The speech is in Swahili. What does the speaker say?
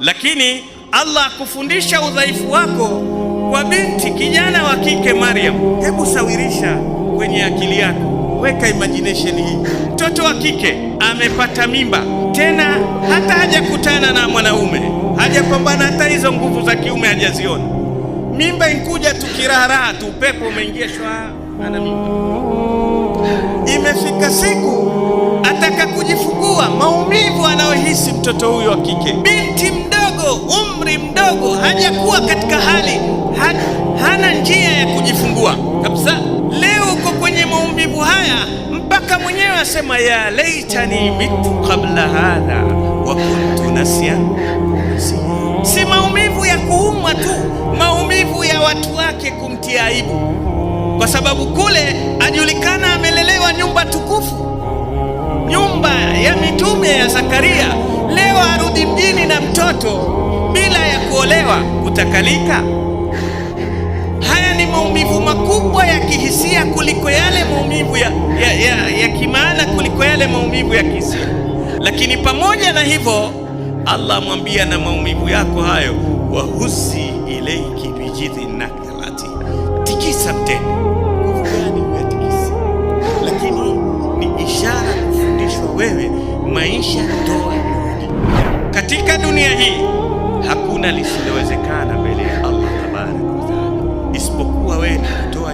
Lakini Allah akufundisha udhaifu wako kwa binti kijana wa kike Maryam. Hebu sawirisha kwenye akili yako, weka imagination hii, mtoto wa kike amepata mimba, tena hata hajakutana na mwanaume, hajapambana hata hizo nguvu za kiume hajaziona. Mimba inkuja tu kiraharaha tu, upepo umeingia shwa, ana mimba. Imefika siku ataka kujifungua, maumivu anayohisi mtoto huyo wa kike mdogo hajakuwa katika hali ha, hana njia ya kujifungua kabisa. Leo uko kwenye maumivu haya mpaka mwenyewe asema ya laitani mitu kabla hadha wa kuntu nasia. Si maumivu ya kuumwa tu, maumivu ya watu wake kumtia aibu, kwa sababu kule ajulikana amelelewa nyumba tukufu nyumba ya mitume ya Zakaria. Leo arudi mjini na mtoto kuolewa, kutakalika. Haya ni maumivu makubwa ya kihisia kuliko yale maumivu ya, ya, ya, ya kimaana kuliko yale maumivu ya kihisia. Lakini pamoja na hivyo, Allah mwambia na maumivu yako hayo, wahusi ilaiki bijidhi nakalati, tikisa mtende. Lakini ni ishara wewe maisha toa katika dunia hii Una listening is a kind